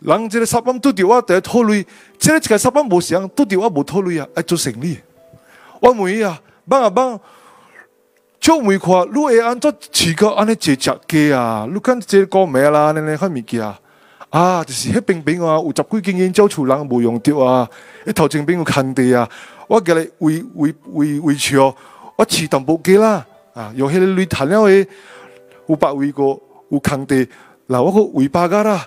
人即個上班拄着我，第一拖累；即個一個上班無上，拄着我，無拖累啊！班啊班會做生理。我問伊啊，幫啊幫，借問看你會安怎飼個安尼借隻雞啊？你敢借過咩啦？安尼迄物件啊？啊，就是迄邊邊啊，有十幾間迄種厝人無用着啊！迄頭前邊有空地啊，我叫你圍圍圍圍牆，我飼淡薄雞啦！啊，用迄個鐳趁了誒，有百位個有空地，嗱，我佫圍巴架啦。